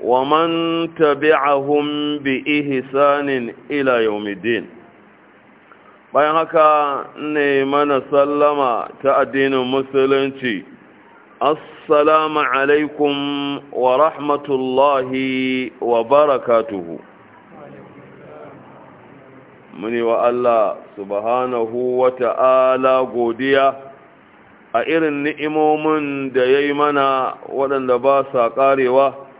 ومن تبعهم بإحسان إلى يوم الدين bayan haka ne mana sallama ta addinin musulunci assalamu alaikum wa rahmatullahi wa barakatuhu muni wa Allah subhanahu wa ta'ala godiya a irin ni'imomin da ya yi mana waɗanda ba sa ƙarewa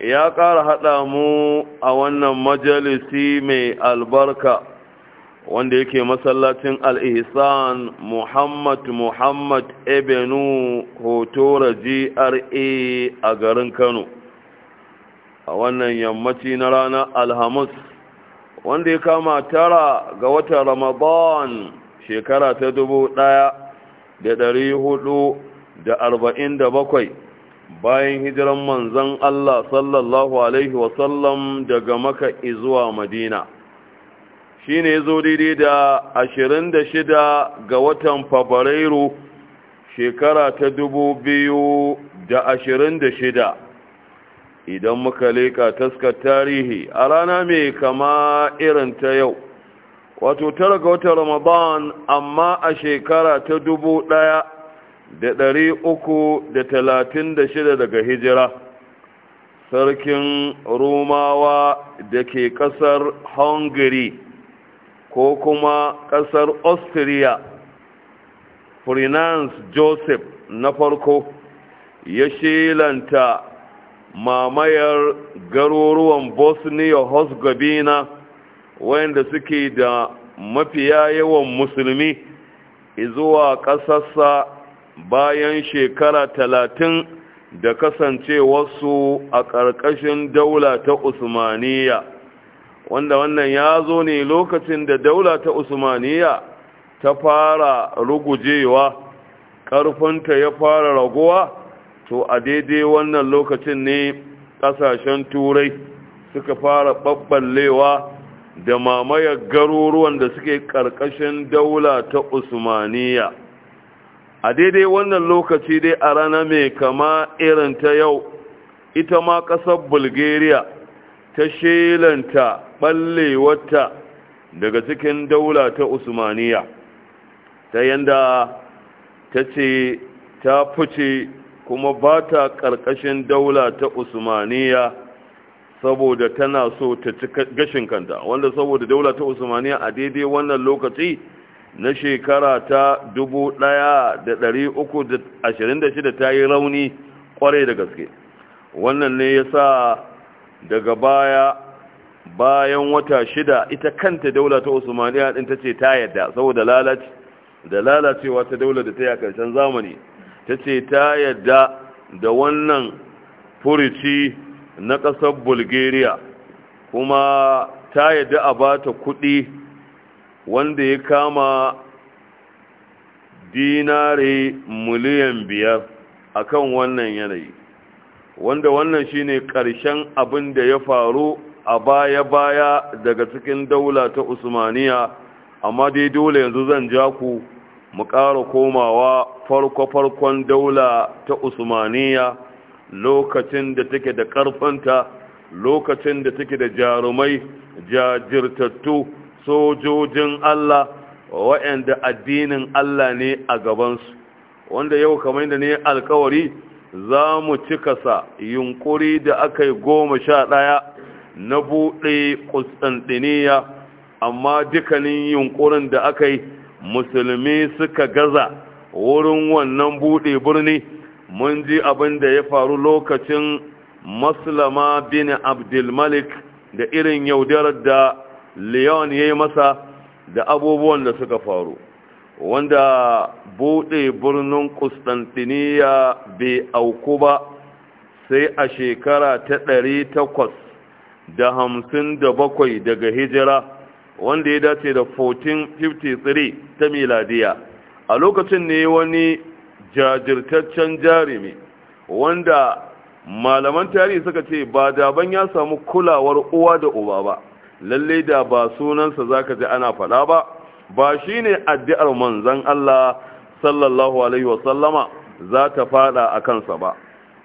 ya ƙara haɗa mu a wannan majalisi mai albarka wanda yake masallacin al'ihisan muhammad muhammad ebenu hotora gra a garin kano a wannan yammaci na rana alhamis wanda ya kama tara ga watan ramadan shekara ta dubu ɗaya da ɗari hudu da arba'in da bakwai bayan hijiran manzan Allah sallallahu Alaihi wasallam daga maka izuwa madina shi ne zo daidai da ashirin da shida ga watan fabrairu shekara ta dubu biyu da da ashirin shida. idan muka leƙa taskar tarihi a rana mai kama irin ta yau wato tara ga watan ramadan amma a shekara ta dubu ɗaya. da ɗari uku da talatin da shida daga hijira sarkin rumawa da ke ƙasar hungary ko kuma ƙasar austria finance joseph na farko ya shilanta mamayar garuruwan bosnia-herzegovina wayanda suke da mafiya yawan musulmi zuwa ƙasarsa bayan shekara talatin da kasancewarsu a ƙarƙashin daula ta Usmaniyya, wanda wannan ya zo ne lokacin da daula ta Usmaniyya ta fara rugujewa ƙarfinta ya fara raguwa to a daidai wannan lokacin ne ƙasashen turai suka fara ɓaɓɓallewa da mamayar garuruwan da suke ƙarƙashin daula ta Usmaniyya. a daidai wannan lokaci dai a rana mai kama irin ta yau ita ma ƙasar bulgaria ta shelanta ɓallewarta daga cikin daula ta usmaniya ta yanda ta ce ta fice kuma ba ta ƙarƙashin daula ta usmaniya saboda tana so ta ci gashin kanta wanda saboda daula ta usmaniya a daidai wannan lokaci na shekara ta 1326 ta yi rauni kwarai da gaske wannan ne ya sa daga baya bayan wata shida ita kanta daula ta usmaniya ɗin ta ce ta yadda saboda lalace da lalacewa ta daula da ta yi a ƙarshen zamani ta ce ta yadda da wannan furici na ƙasar bulgaria kuma ta yadda a ba ta kuɗi wanda ya kama dinare miliyan biyar a kan wannan yanayi wanda wannan shine ƙarshen abin da ya faru a baya-baya daga cikin daula ta usmaniya amma dai dole yanzu zan ja ku mu ƙara komawa farko-farkon daula ta usmaniya lokacin da take da ƙarfanta lokacin da take da jarumai jajirtattu sojojin Allah waɗanda addinin Allah ne a gabansu wanda yau kamar yadda ne alkawari za mu cika sa yunkuri da aka yi goma sha ɗaya na buɗe ƙustantiniya amma dukkanin yunkurin da aka yi musulmi suka gaza wurin wannan buɗe birni mun ji abin da ya faru lokacin maslama bin abdulmalik da irin yaudarar da leon ya yi masa da abubuwan da suka faru wanda buɗe birnin Kustantiniya bai auku ba sai a shekara ta ɗari takwas da hamsin da bakwai daga hijira wanda ya dace da 1453 ta miladiya a lokacin ne wani jajirtaccen jarumi wanda malaman tarihi suka ce ba daban ya samu kulawar uwa da uba ba lalle da ba sunansa zaka ji ana faɗa ba ba shi ne addu'ar manzon Allah sallallahu alaihi wasallama za ta fada a kansa ba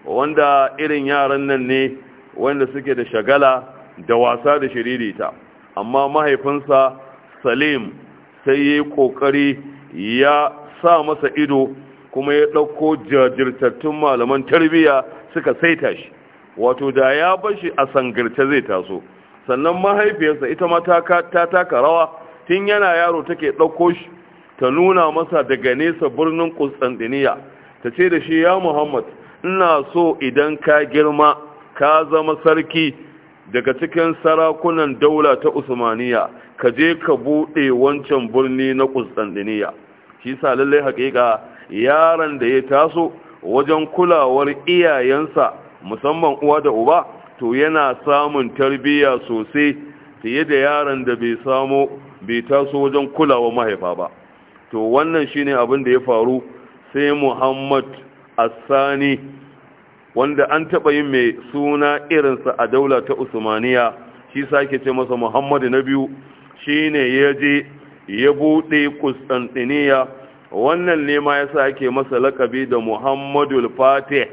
wanda irin yaran nan ne wanda suke da shagala da wasa da shiririta amma mahaifinsa Salim sai yayi ƙoƙari ya sa masa ido kuma ya ɗauko jajirtattun malaman tarbiyya suka saita shi wato da ya bashi a sangirce zai taso sannan mahaifiyarsa ita ma ta taka rawa tun yana yaro take ɗauko shi ta nuna masa daga nesa birnin Constantiniya ta ce da shi ya Muhammad ina so idan ka girma ka zama sarki daga cikin sarakunan daula ta Usmaniya ka je ka buɗe wancan birni na Constantiniya shi sa lallai haƙiƙa yaron da ya taso wajen kulawar iyayensa musamman uwa da uba to yana samun tarbiyya sosai fiye da yaran da bai samu bai taso wajen kulawa mahaifa ba to wannan shine abin da ya faru sai Muhammad Asani wanda an taba yin mai suna irinsa a daula ta Usmaniya shi sake ce masa Muhammad na biyu shine ya je ya bude kusantiniya, wannan ne ma yasa ake masa lakabi da Muhammadul Fatih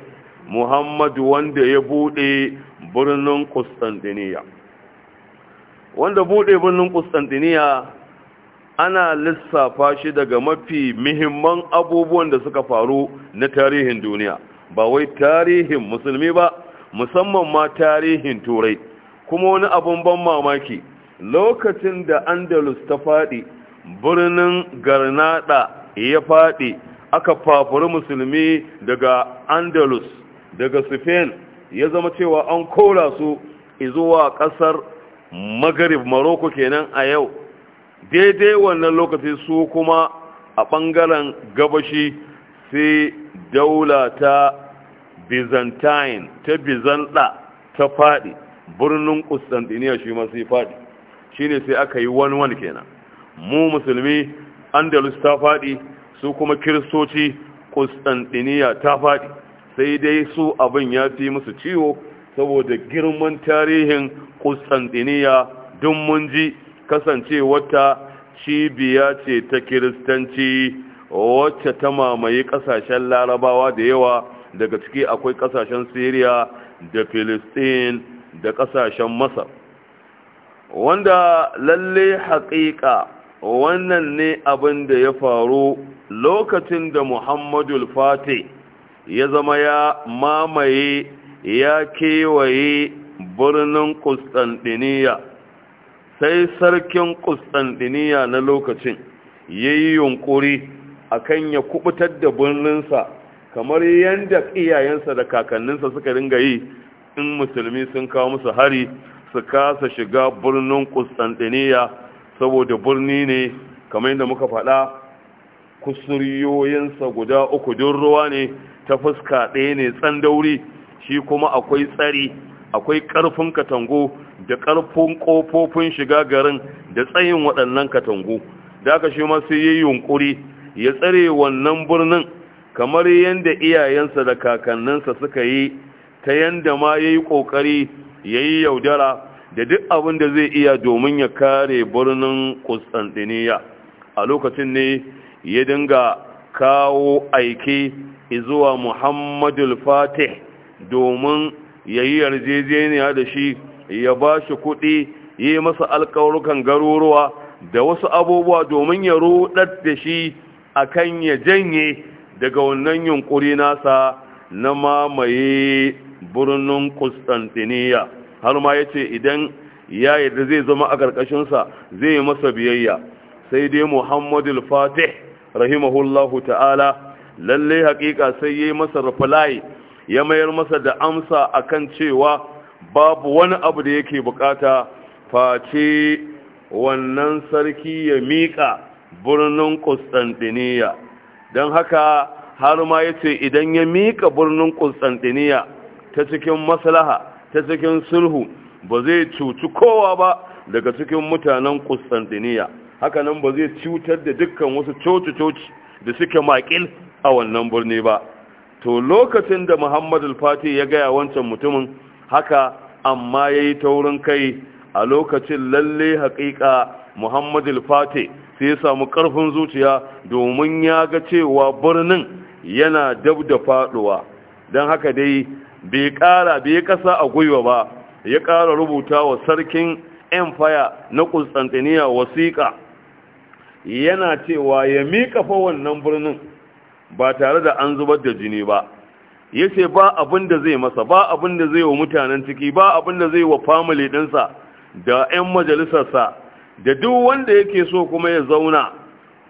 muhammadu wanda ya bude birnin Kustantiniya. Wanda buɗe birnin Kustantiniya ana lissafa shi daga mafi muhimman abubuwan da suka faru na tarihin duniya, ba wai tarihin musulmi ba, musamman ma tarihin turai. Kuma wani abin ban mamaki, lokacin da Andalus ta faɗi, birnin Garnada ya faɗi, aka fafuri musulmi daga Andalus. daga Spain ya zama cewa an kora su zuwa ƙasar Maghrib maroko kenan a yau daidai wannan lokaci su kuma a ɓangaren gabashi sai daula ta Byzantine ta Byzanta ta faɗi birnin Constantinople shi ma sai faɗi shine sai aka yi wani wani kenan mu musulmi Andalus ta faɗi su kuma kiristoci Constantinople ta faɗi sai dai su abin ya fi musu ciwo saboda girman tarihin Kusantiniya, don mun ji kasancewarta cibiya ce ta kiristanci wacce ta mamaye kasashen larabawa da yawa daga ciki akwai kasashen Siriya da Filistin da kasashen masar wanda lalle haƙiƙa wannan ne abin da ya faru lokacin da muhammadu fatih ya zama ya mamaye ya kewaye birnin Kustantiniya sai sarkin Kustantiniya na lokacin ya yi yunƙuri a kan ya kubutar da birninsa kamar yadda iyayensa da kakanninsa suka ringa yi in musulmi sun kawo musu hari su kasa shiga birnin Kustantiniya saboda birni ne kamar yadda muka faɗa kusuriyoyinsa guda uku don ruwa ne ta fuska ɗaya ne tsandauri shi kuma akwai tsari akwai ƙarfin katangu, da ƙarfin ƙofofin shiga garin da tsayin waɗannan katangu. da aka shi masu yi yunƙuri ya tsare wannan birnin kamar yadda iyayensa da kakanninsa suka yi ta yadda ma ya yi ƙoƙari ya yi yaudara da duk abin da zai iya domin ya kare birnin Constantiniya a lokacin ne ya dinga kawo aiki. izuwa muhammadul fatih domin ya yi yarjejeniya da shi ya ba shi kuɗi yi masa alkawarukan garuruwa da wasu abubuwa domin ya ruɗar da shi akan ya janye daga wannan yunƙuri nasa na mamaye birnin Kustantiniya har ma ya ce idan ya da zai zama a ƙarƙashinsa zai yi masa biyayya sai dai muhammadul fatih rahimahullahu ta'ala lalle haƙiƙa sai yayi masa reply ya mayar masa da amsa akan cewa babu wani abu da yake bukata face wannan sarki ya mika birnin Constantinople don haka har ma yace idan ya mika birnin Constantinople ta cikin maslaha ta cikin sulhu ba zai cuci kowa ba daga cikin mutanen Constantinople haka nan ba zai cutar da dukkan wasu coci-coci da suke makil? a wannan birni ba to lokacin da muhammad al-fatih ya gaya wancan mutumin haka amma ya yi taurin kai a lokacin lalle haƙiƙa muhammad al-fatih sai ya samu ƙarfin zuciya domin ya ga cewa birnin yana dab da faɗuwa don haka dai bai ƙara bai ƙasa a gwiwa ba ya ƙara rubuta wa sarkin empire na Constantinople wasiƙa yana cewa ya miƙa fa wannan birnin ba tare da an zubar da jini ba yace ba abin da zai masa ba abin da zai wa mutanen ciki ba abin da zai wa family dinsa da 'yan majalisarsa da duk wanda yake so kuma ya zauna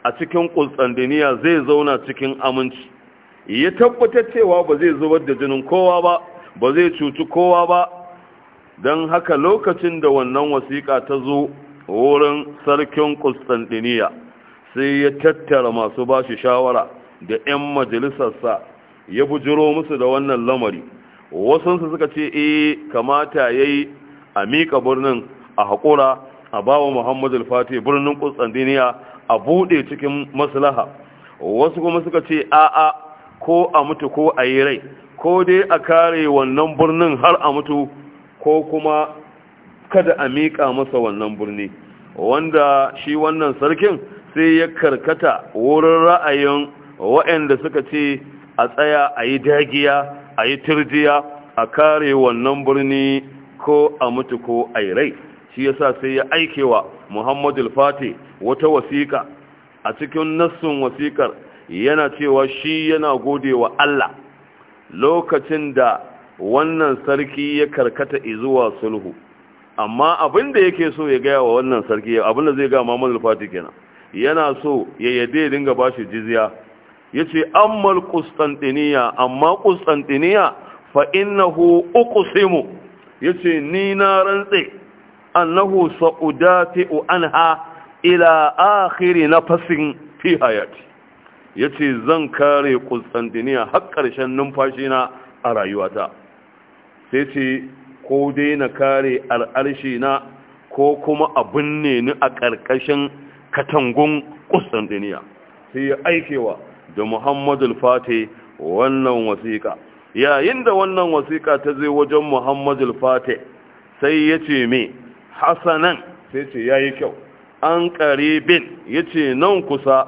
a cikin kustandiniya zai zauna cikin aminci ya tabbatar cewa ba zai zubar da jinin kowa ba ba zai cuci kowa ba don haka lokacin da wannan wasiƙa ta zo wurin sarkin kustandiniya sai ya tattara masu ba shi shawara da 'yan majalisarsa ya bujiro musu da wannan lamari wasansu suka ce eh kamata ya yi a mika birnin a haƙura a bawa muhammadu alfati birnin kusandiniya a buɗe cikin maslaha wasu kuma suka ce a'a ko a mutu ko a yi rai ko dai a kare wannan birnin har a mutu ko kuma kada a miƙa masa wannan birni wanda shi wannan sarkin sai ya karkata wurin ra'ayin waɗanda suka ce a tsaya a yi dagiya a yi turjiya a kare wannan birni ko a mutu ko a yi rai shi ya sa sai ya aikewa muhammadu fati wata wasiƙa a cikin nassun wasiƙar yana cewa shi yana gode wa allah lokacin da wannan sarki ya karkata zuwa sulhu amma abin da yake so ya gaya wa wannan sarki abin da zai ga muhammadu fati kenan yana so ya ya dinga bashi jizya yace ammal qustantiniya amma qustantiniya fa innahu uqsimu yace ni na rantse annahu an anha ila akhiri nafasin fi hayati yace zan kare qustantiniya har ƙarshen numfashi na a rayuwata sai ce ko dai na kare al'arshi na ko kuma abin ne ni a ƙarƙashin katangun ƙustantiniya sai ya aikewa da Muhammadu fati wannan wasiƙa yayin da wannan wasiƙa ta zai wajen Muhammadu fati sai ya ce me hasanan sai ce ya yi kyau an ƙaribin ya ce nan kusa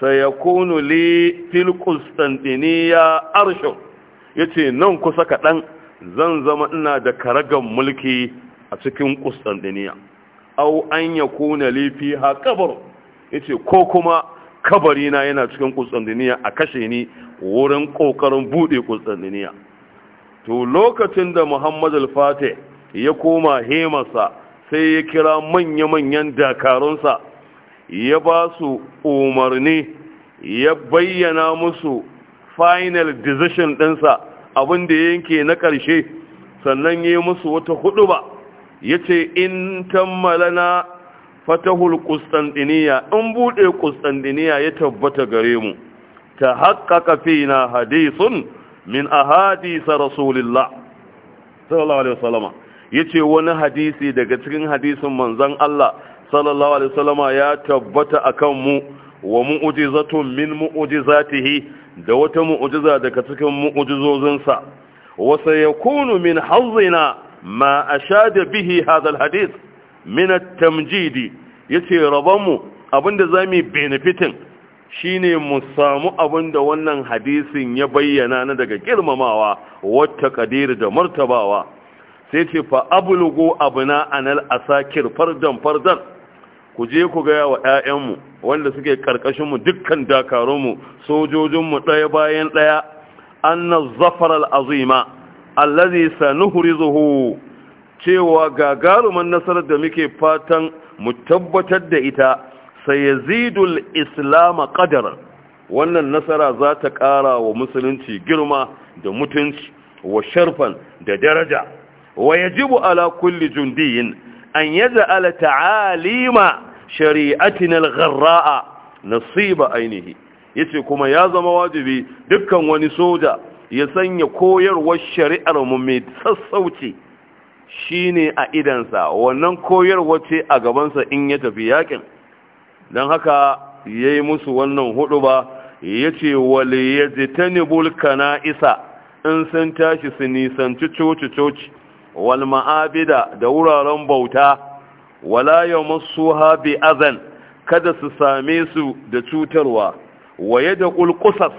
sai ya kunu li fil kustantiniya arshin ya ce nan kusa kaɗan zan zama ina da karagan mulki a cikin kustantiniya au an ya kuna lifi ha kabar ya ce ko kuma kabari na yana cikin duniya a kashe ni wurin kokarin bude duniya to lokacin da Muhammadu al ya koma hemarsa sai ya kira manya-manyan dakarunsa ya ba su umarni ya bayyana musu final decision ɗinsa abin da yanke na ƙarshe sannan ya yi musu wata hudu ba ya ce in tammala na. fatahul Qustantiniya in bude Qustantiniya ya tabbata gare mu ta fi fina hadithun min ahadith rasulillah sallallahu alaihi wasallama yace wani hadisi daga cikin hadisin manzon Allah sallallahu alaihi wasallama ya tabbata a kan mu wa mu'jizatun min mu'jizatihi da wata mu'ujiza daga cikin mu'jizozinsa wa sayakunu min hazzina ma ashada bihi hadha hadis. minat tamjidi yace mu abinda zamu benefitin shine mu samu abinda wannan hadisin ya bayyana na daga girmamawa wata kadir da martabawa sai ce fa abulgo abuna anal asakir fardan fardan ku je ku gaya wa 'ya'yanmu wanda suke mu dukkan dakarunmu sojojinmu ɗaya bayan ɗaya anna zafar al-azima allazi sanuhrizuhu cewa gagaruman nasarar da muke fatan mu tabbatar da ita sayazidul islam qadar wannan nasara za ta ƙara wa musulunci girma da mutunci wa sharfan da daraja wa yajibu ala kulli jundiyin an ala ta'alima shari'atina al-gharra'a nasiba ainihi yace kuma ya zama wajibi dukkan wani soja ya sanya koyarwar shari'ar mu mai sassauci Shi ne a idansa wannan koyarwa ce a gabansa in ya tafi yakin don haka ya yi musu wannan hudu ba ya ce wale ya ji ta na isa in sun tashi su nisanci coci-coci wal ma'abida da wuraren bauta wala ya masu habi azan kada su same su da cutarwa waye da kulkusas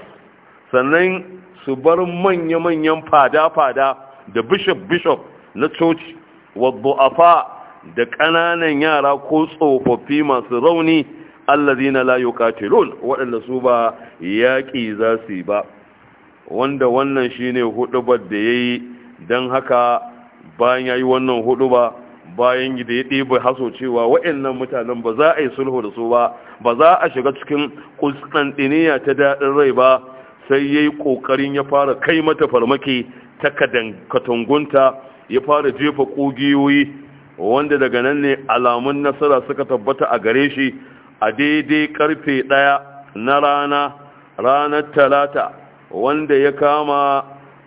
sannan su bar manya-manyan fada-fada da bishop-bishop na coci wadda afa da ƙananan yara ko tsofaffi masu rauni allazina layo katilun waɗanda su ba yaƙi za su yi ba wanda wannan shi ne hudubar da ya yi don haka bayan ya yi wannan huduba bayan da ya ɗebe haso cewa waɗannan mutanen ba za a yi sulhu da su ba ba za a shiga cikin kustantiniya ta daɗin rai ba sai ya yi ƙoƙarin ya fara kai mata farmaki ta katangunta ya fara jefa ƙugiyoyi wanda daga nan ne alamun nasara suka tabbata a gare shi a daidai karfe ɗaya na rana ranar talata wanda ya kama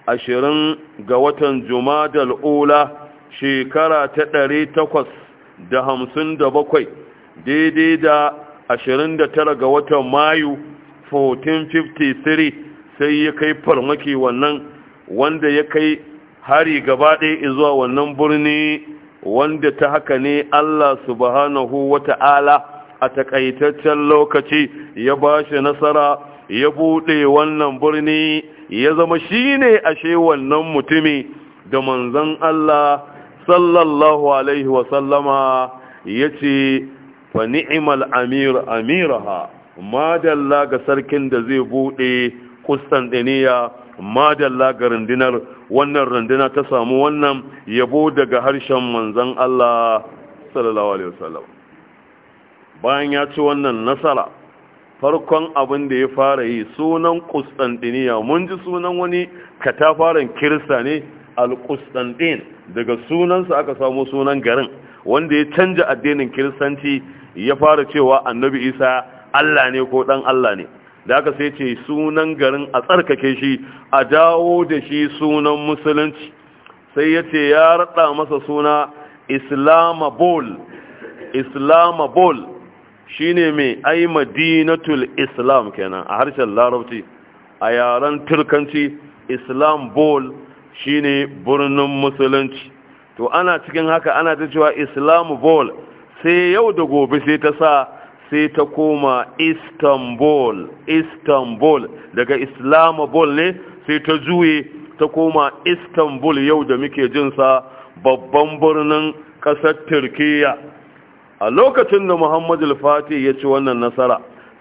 ashirin ga watan jumadal ula shekara ta ɗari takwas da hamsin da bakwai daidai da ashirin da tara ga watan mayu 1453 sai ya kai farmaki wannan wanda ya kai hari gaba ɗaya zuwa wannan birni wanda ta haka ne Allah subhanahu wata'ala a takaitaccen lokaci ya ba shi nasara ya buɗe wannan birni ya zama shi ne ashe wannan mutumi da manzan Allah sallallahu alaihi wasallama ya ce fa ni'imal amir amiraha madalla ga sarkin da zai buɗe kustantiniya madalla ga rundunar wannan randuna ta samu wannan yabo daga harshen manzan Allah sallallahu alaihi wasallam bayan ya ci wannan nasara farkon abin da ya fara yi sunan Constantinople mun ji sunan wani katafaren kirista ne al-Constantine daga sunansa aka samu sunan garin wanda ya canja addinin kiristanci ya fara cewa annabi Isa Allah ne ko dan Allah ne da aka sai ce sunan garin a tsarkake shi a dawo da shi sunan musulunci sai ya ce ya raɗa masa suna islamabol islamabol shi ne mai ai madinatul islam kenan a harshen larabci a yaren turkanci Islamabol shi ne birnin musulunci to ana cikin haka ana ta cewa islamabol sai yau da gobe sai ta sa sai ta koma istanbul istanbul daga islamabul ne sai ta juye ta koma istanbul yau da muke jinsa babban birnin ƙasar turkiya a lokacin da muhammadu fatih ya ci wannan nasara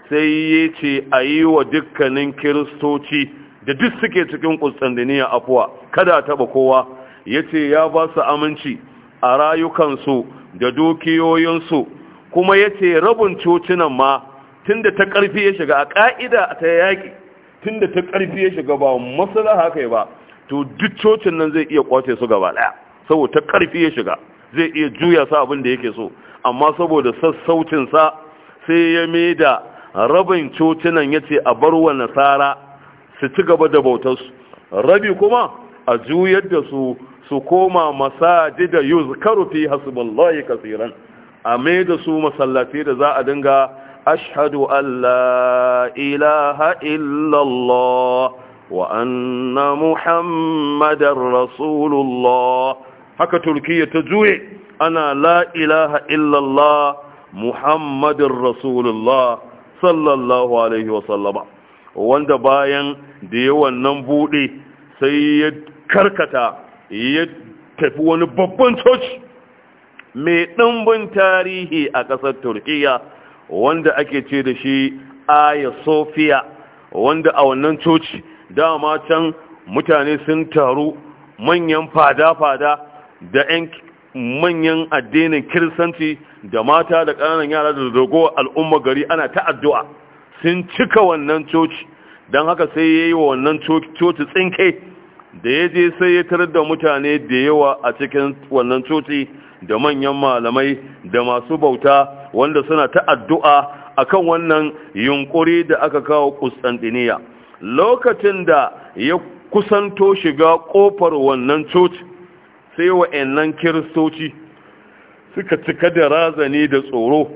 sai ya ce a yi wa dukkanin kiristoci da duk suke cikin kustandiniya afuwa kada taɓa kowa ya ce ya ba su aminci a rayukansu da dukiyoyinsu kuma ya ce rabin cocinan ma tun da ta ƙarfi ya shiga a ƙa'ida ta yaƙi da ta ƙarfi ya shiga ba masalaha haka ba to duk cocin nan zai iya kwace su gaba ɗaya saboda ta ƙarfi ya shiga zai iya juya sa abin da yake so amma saboda sassaucinsa sai ya maida rabin cocinan ya ce a bar wa nasara su ci gaba da bautarsu rabi kuma a juyar da su su koma masajida yuzkaru fi hasbullahi kasiran a mai da su masallatai da za a dinga ashhadu an la ilaha illallah wa anna muhammadar rasulullah haka turkiya ta juye ana la ilaha illallah muhammadin rasulullah sallallahu alaihi wasallama wanda bayan da ya wannan buɗe sai ya karkata ya tafi wani babban coci mai ɗumbin tarihi a ƙasar Turkiyya, wanda ake ce da shi aya sofiya wanda a wannan coci dama can mutane sun taru manyan fada-fada da 'yan manyan addinin kiristanci da mata da ƙananan yara da dogo al'umma gari ana ta addu'a sun cika wannan coci don haka sai ya yi wa wannan coci tsinke da ya je sai ya tarar da mutane da yawa a cikin wannan coci da manyan malamai da masu bauta wanda suna ta addu'a kan wannan yunkuri da aka kawo Kusantiniya lokacin da ya kusanto shiga ƙofar wannan coci sai wa'annan kiristoci suka cika da razani da tsoro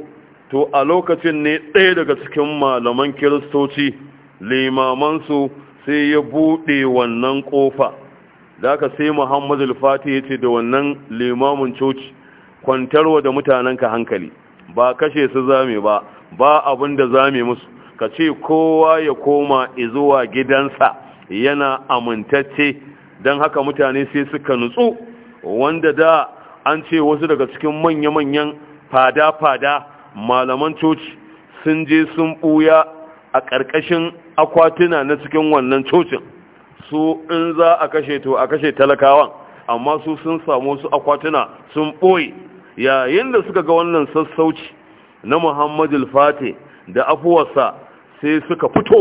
to a lokacin ne ɗaya daga cikin malaman kiristoci limamansu sai ya buɗe wannan ƙofa da aka sai muhammadu alfati ya ce da wannan limamin coci kwantarwa da mutanenka hankali ba kashe su zame ba ba abin da zame musu ka ce kowa ya koma zuwa gidansa yana amintacce don haka mutane sai suka nutsu wanda da an ce wasu daga cikin manya-manyan fada-fada malaman coci sun je sun ɓuya a ƙarƙashin akwatuna na cikin wannan cocin su in za a kashe to a kashe talakawan amma su sun samu su akwatuna sun ɓoye yayin da suka ga wannan sassauci na muhammadu fati da afuwarsa sai suka fito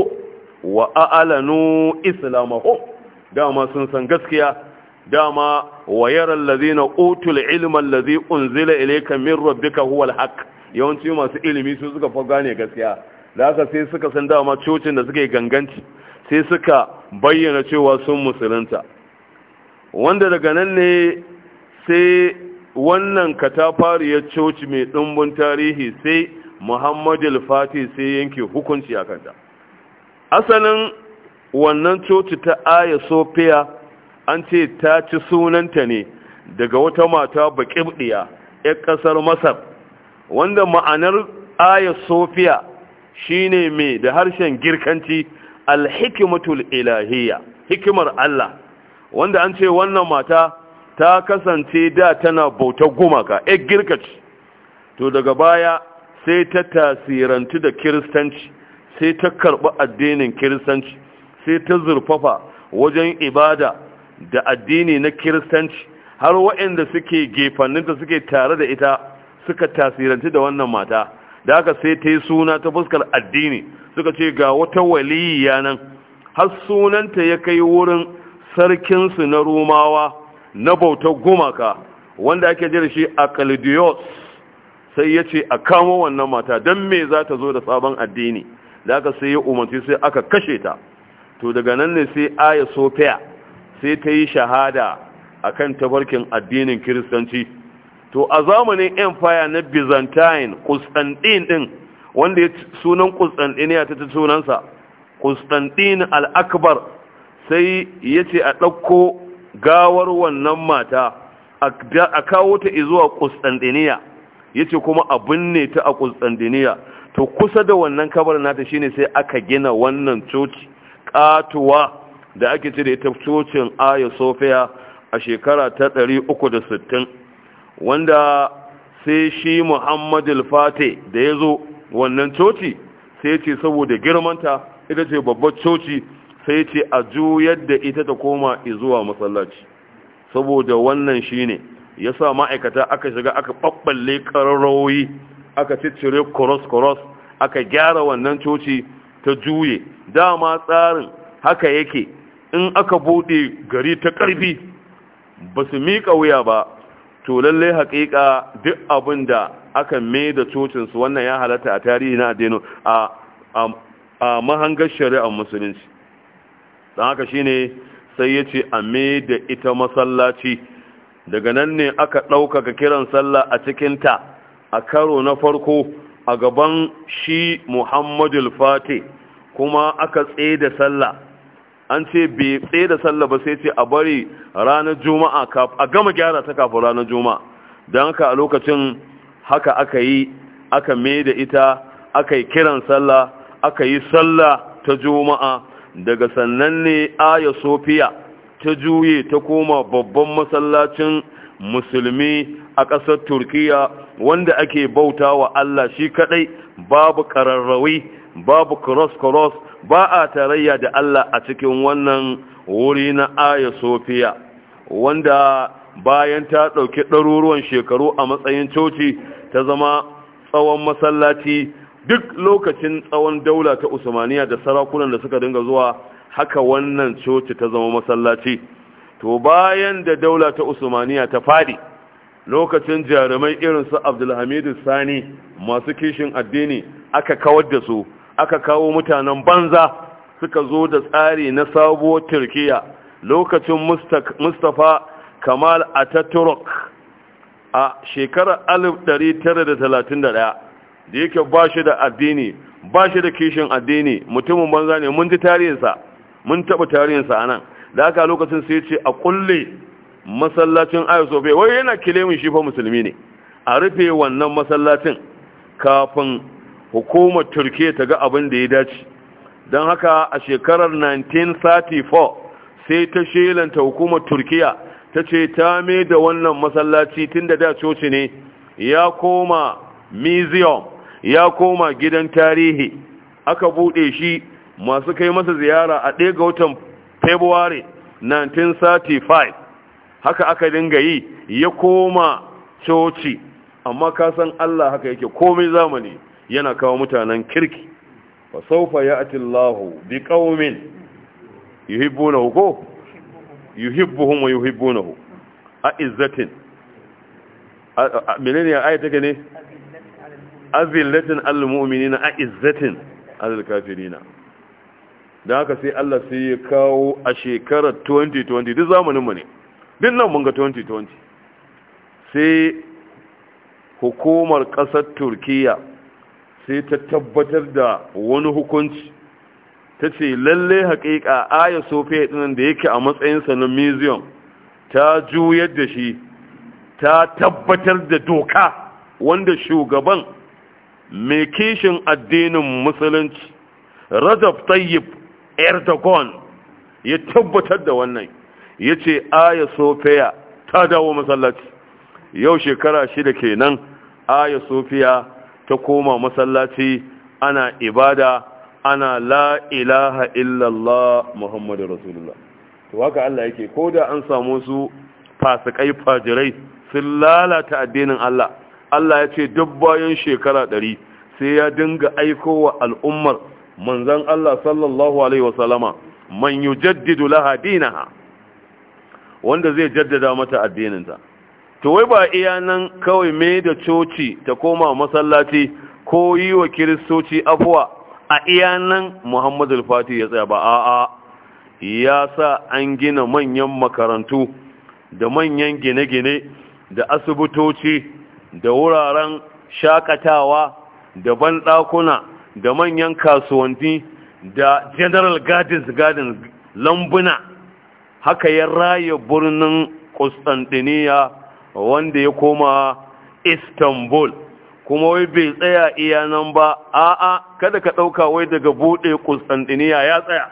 wa a'alanu islamahu. dama sun san gaskiya dama wa na utul ilma allazi unzila ilayka min rabbika huwa alhaq yawanci masu ilimi su suka fa gane gaskiya da haka sai suka san dama cocin da suka yi ganganci sai suka bayyana cewa sun musulunta wanda daga nan ne sai wannan katafariyar coci mai ɗumbin tarihi sai muhammadu fati sai yanke hukunci a kanta asalin wannan coci ta aya sofiya an ce ta ci sunanta ne daga wata mata baƙibɗiya 'yar ƙasar masar wanda ma'anar aya sofiya shine mai da harshen girkanci al hikimatul ilahiyya hikimar allah wanda an ce wannan mata ta kasance da tana bautar gumaka ‘yar girkaci to daga baya sai ta tasirantu da kiristanci sai ta karɓi addinin kiristanci sai ta zurfafa wajen ibada da addini na kiristanci har waɗanda suke da suke tare da ita suka tasirantu da wannan mata da aka sai ta yi suna ta fuskar addini suka ce ga wata waliyya nan har sunanta ya kai wurin sarkinsu na rumawa na bautar gumaka wanda ake jira shi a kalidiyos sai ya ce a kamo wannan mata don me za ta zo da sabon addini da aka sai ya umarci sai aka kashe ta to daga nan ne sai aya sofiya sai ta yi shahada a kan tafarkin addinin kiristanci to a zamanin empire na byzantine kustantin din wanda ya sunan kustantin ya ta sunansa kustantin al'akbar sai ya ce a ɗauko gawar wannan mata a kawo ta zuwa ya yace kuma a binne ta a Constantinople to kusa da wannan kabar nata shine sai aka gina wannan coci katuwa da ake ce da ita cocin Aya Sophia a shekara ta 360 wanda sai shi Muhammad al-Fatih da yazo wannan coci sai ce saboda girmanta ita ce babbar coci sai ce a juyar da ita ta koma zuwa masallaci saboda wannan shi ne ya sa ma'aikata aka shiga aka ɓaɓɓalle ƙararrawoyi aka ciccire kuros-kuros aka gyara wannan coci ta juye dama tsarin haka yake in aka buɗe gari ta ƙarfi ba su miƙa wuya ba to lallai haƙiƙa duk abin da aka mai da cocinsu wannan ya halatta a tarihi na adeno a mahangar shari'ar musulunci don haka shi ne sai ya ce a da ita masallaci daga nan ne aka ɗaukaka kiran sallah a cikinta a karo na farko a gaban shi muhammadul fati kuma aka tsaye da sallah an ce bai tsaye da sallah ba sai ce a bari ranar juma'a a gama gyara ta kafin ranar juma'a don haka a lokacin haka aka yi aka mai da ita aka yi kiran sallah aka yi sallah ta juma'a daga sannan ne aya sofiya ta juye ta koma babban masallacin musulmi a ƙasar turkiya wanda ake bauta wa allah shi kaɗai babu ƙararrawi babu cross-cross ba a tarayya da allah a cikin wannan wuri na aya sofiya wanda bayan ta ɗauki ɗaruruwan shekaru a matsayin coci ta zama tsawon masallaci duk lokacin tsawon daula ta usmaniya da sarakunan da suka dinga zuwa haka wannan coci ta zama masallaci to bayan da daula ta usmaniya ta fadi lokacin jarumai irin su abdulhamidu sani masu kishin addini aka kawar da su aka kawo mutanen banza suka zo da tsari na sabuwar turkiya lokacin mustapha kamal ataturk a shekarar 1931 da yake ba shi da addini ba shi da kishin addini mutumin banza ne mun ji tarihinsa mun taɓa tarihinsa a nan da aka lokacin sai ce a kulle masallacin ayosofe wai yana kilemin shi fa musulmi ne a rufe wannan masallacin kafin hukumar turkiya ta ga abin da ya dace don haka a shekarar 1934 sai ta shelanta hukumar turkiya ta ce ta mai da wannan masallaci tun da da coci ne ya koma museum ya koma gidan tarihi aka buɗe shi masu kai masa ziyara a ɗaya ga watan february 1935 haka aka dinga yi ya koma coci amma ka san allah haka yake komai zamani yana kawo mutanen kirki fa saufa ati Allahu bi qaumin yuhibbunahu ko yuhibbuhum wa yuhibbunahu a izzatin menene ya ne azillatin al-mu'minina a'izzatin al-kafirina da haka sai Allah sai ya kawo a shekarar 2020 duk zamanin mu ne Din nan mun ga 2020 sai hukumar ƙasar Turkiya sai ta tabbatar da wani hukunci ta ce lalle haƙiƙa aya sofiya ɗinan da yake a matsayinsa na museum ta juyar da shi ta tabbatar da doka wanda shugaban mai kishin addinin musulunci rajab tayyib erdogan ya tabbatar da wannan ya ce aya sofiya ta dawo masallaci yau shekara shida kenan aya sofiya ta koma masallaci ana ibada ana la ilaha illallah muhammadu rasulullah to haka Allah yake ko da an samu su fasikai fajirai sun lalata addinin Allah Allah ya ce duk bayan shekara ɗari sai ya dinga aiko wa al'ummar manzan Allah sallallahu Alaihi wasallama man yi jaddidu dinaha, wanda zai jaddada mata addininta. To wai ba iya nan kawai mai da coci ta koma masallaci ko yi wa kiristoci afuwa a iya nan Muhammadu Fati ya tsaya ba a'a ya sa an gina manyan makarantu da manyan gine-gine da asibitoci da wuraren shakatawa da banɗakuna da manyan kasuwanci da general gardens gardens lambuna haka ya raya birnin Constantiniya wanda ya koma Istanbul kuma wai bai tsaya iya nan ba a'a kada ka ɗauka wai daga buɗe Constantiniya ya tsaya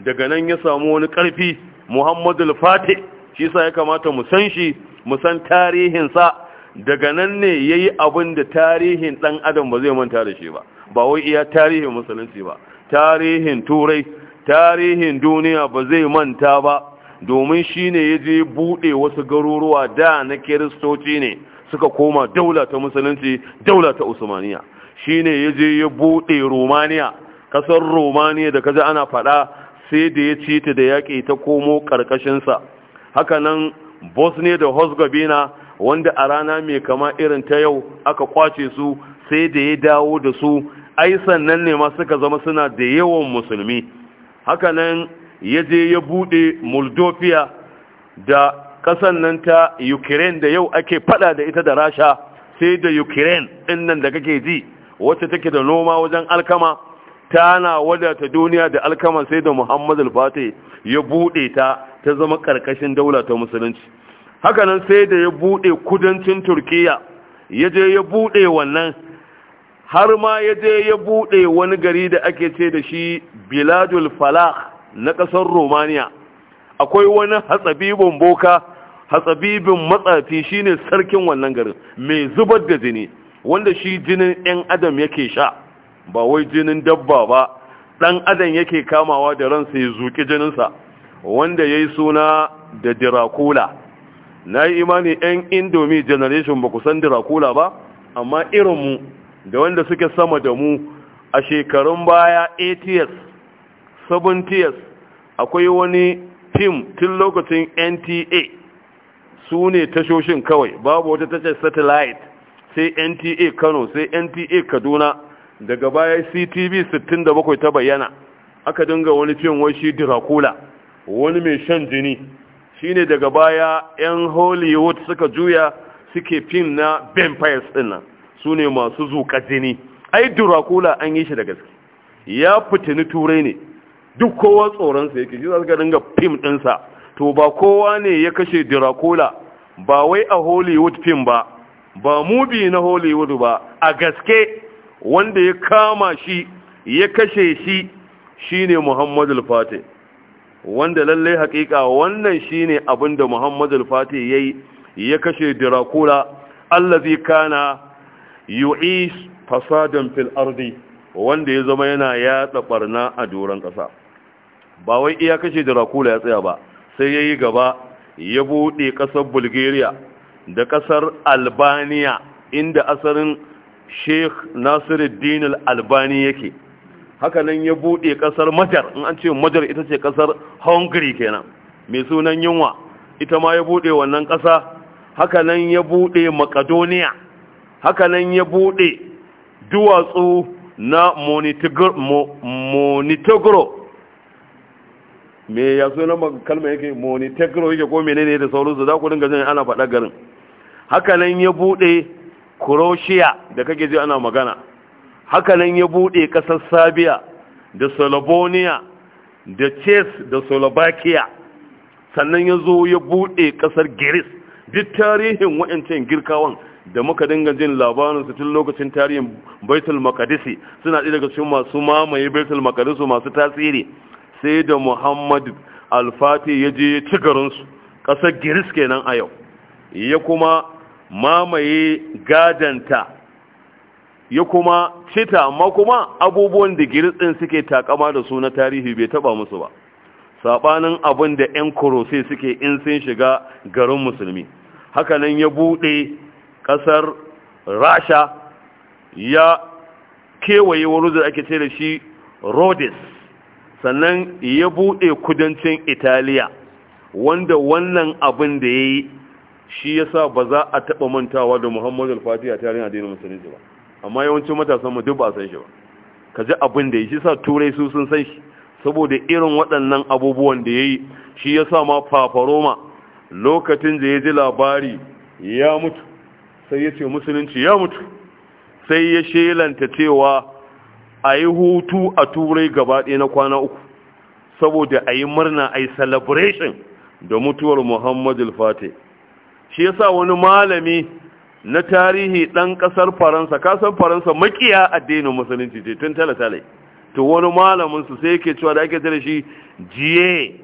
daga nan ya samu wani ƙarfi Muhammadu al-Fatih shi sa ya kamata mu san shi mu san tarihinsa daga nan ne ya yi abin da tarihin ɗan adam ba zai manta da shi ba ba wai iya tarihin musulunci ba tarihin turai tarihin duniya ba zai manta ba domin shi ne ya je buɗe wasu garuruwa da na kiristoci ne suka koma daula ta musulunci daula ta usmaniya shi ne ya je ya buɗe romaniya ƙasar romaniya da kaji ana faɗa sai da ya ci ta da yaƙi ta komo ƙarƙashinsa haka nan bosnia da herzegovina wanda a rana mai kama irin ta yau aka kwace su sai da ya dawo da su ai sannan ne ma suka zama suna da yawan musulmi hakanan ya je ya bude moldovia da kasan nan ta ukraine da yau ake fada da ita da rasha sai da ukraine din nan da kake ji wacce take da noma wajen alkama tana wadata duniya da alkama sai da muhammadu fatih ya bude ta ta zama karkashin daula ta musulunci haka nan sai da ya buɗe kudancin turkiya ya je ya buɗe wannan har ma ya je ya buɗe wani gari da ake ce da shi biladul falah na ƙasar romania akwai wani hatsabibin boka hatsabibin matsafi shine sarkin wannan garin mai zubar da jini wanda shi jinin ɗan adam yake sha ba wai jinin dabba ba ɗan adam yake kamawa da ransa ya zuƙi jininsa wanda ya yi suna da dirakula na yi imani 'yan indomi generation ba ku san dirakula ba amma irinmu da wanda suke sama da mu a shekarun baya 80s 70s akwai wani fim tun lokacin nta su ne tashoshin kawai babu wata tashar satellite sai nta kano sai nta kaduna daga baya ctv 67 ta bayyana aka dinga wani fim washi shi dirakula wani mai shan jini shine daga baya 'yan hollywood suka juya suke fim na vampires dinnan su ne masu zuƙa jini ai dracula an yi shi da gaske ya fitini turai ne duk kowa tsoronsa yake shi za su dinga fim ɗinsa to ba kowa ne ya kashe dracula ba wai a hollywood fim ba ba mubi na hollywood ba a gaske wanda ya kama shi ya kashe shi shine muhammadu fatih wanda lallai haƙiƙa wannan shine abin da Muhammadu al ya yayi ya kashe Dracula allazi kana yu'is fasadan fil ardi wanda ya zama yana yatsa barna a doron ƙasa ba wai iya kashe Dracula ya tsaya ba sai yayi gaba ya buɗe ƙasar Bulgaria da ƙasar Albania inda asarin Sheikh Nasiruddin al-Albani yake haka nan ya buɗe ƙasar majar in an ce majar ita ce ƙasar hungary kenan mai sunan yunwa ita ma ya buɗe wannan ƙasa haka nan ya buɗe macedonia haka nan ya buɗe duwatsu na montenegro me ya sunan kalma yake montenegro yake ko menene da sauransu za ku dinga jin ana faɗa garin haka nan ya buɗe croatia da kake ji ana magana hakanan ya buɗe ƙasar sabiya da solobonia da ches da slovakia sannan ya zo ya buɗe ƙasar greece duk tarihin waɗancan girkawan da muka dinga jin labarinsu tun lokacin tarihin baitul makadisi suna ɗaya daga cikin masu mamaye baitul makadisu masu tasiri sai da muhammad alfati ya je ci garinsu ƙasar giris kenan a yau ya kuma mamaye gadanta ya kuma cita amma kuma abubuwan da giritsin suke takama da su na tarihi bai taba musu ba Saɓanin abin da 'yan kurose suke in sun shiga garin musulmi hakanan ya buɗe ƙasar rasha ya kewaye wani da ake ce da shi rhodes sannan ya buɗe kudancin italiya wanda wannan abin da ya yi shi ya sa ba za a taɓa mantawa da muhammadu al-fatiha tarihin addinin musulmi ba amma yawancin matasan mu duk ba san shi ba ka ji abin da ya shi sa turai su sun san shi saboda irin waɗannan abubuwan da yayi shi yasa sa ma fafaroma lokacin da ya ji labari ya mutu sai ya ce musulunci ya mutu sai ya shelanta cewa a hutu a turai gaba ɗaya na kwana uku saboda ayi yi murna a yi celebration da mutuwar muhammadu fatih shi ya wani malami na tarihi ɗan ƙasar faransa kasan faransa makiya addinin musulunci ce tun tale-tale to wani malamin su sai yake cewa da ake tare shi jiye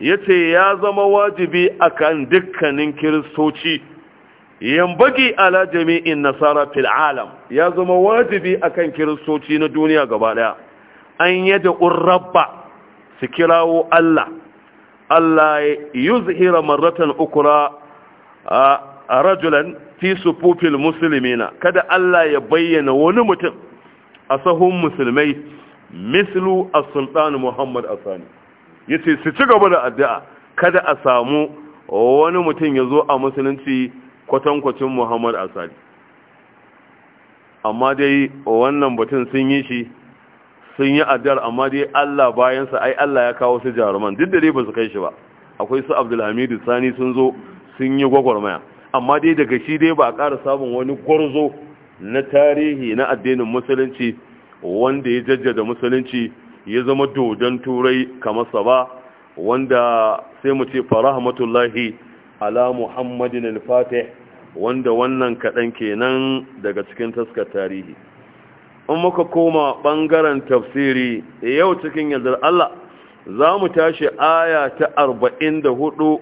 ya ce ya zama wajibi akan dukkanin kiristoci yambagi ala jami'in nasara fil alam ya zama wajibi akan kiristoci na duniya gaba daya an yada urrabba su kirawo Allah Allah ya yuzhira marratan ukra rajulan fi sufufil muslimina kada Allah ya bayyana wani mutum a sahun musulmai mislu as-sultan Muhammad Asani yace su ci gaba da addu'a kada a samu wani mutum ya zo a musulunci kwatankwacin Muhammad Asani amma dai wannan batun sun yi shi sun yi addu'ar amma dai Allah bayansa ai Allah ya kawo su jaruman duk da dai ba su kai shi ba akwai su Abdulhamidu Sani sun zo sun yi gwagwarmaya amma dai daga shi dai ba a ƙara samun wani gwarzo na tarihi na addinin musulunci wanda ya jajjada musulunci ya zama dodon turai kamar sa ba wanda sai mu ce farahmatullahi ala muhammadin al-fatih wanda wannan kaɗan kenan daga cikin taskar tarihi in muka koma ɓangaren tafsiri yau cikin yanzu Allah za mu tashi aya ta arba'in da hudu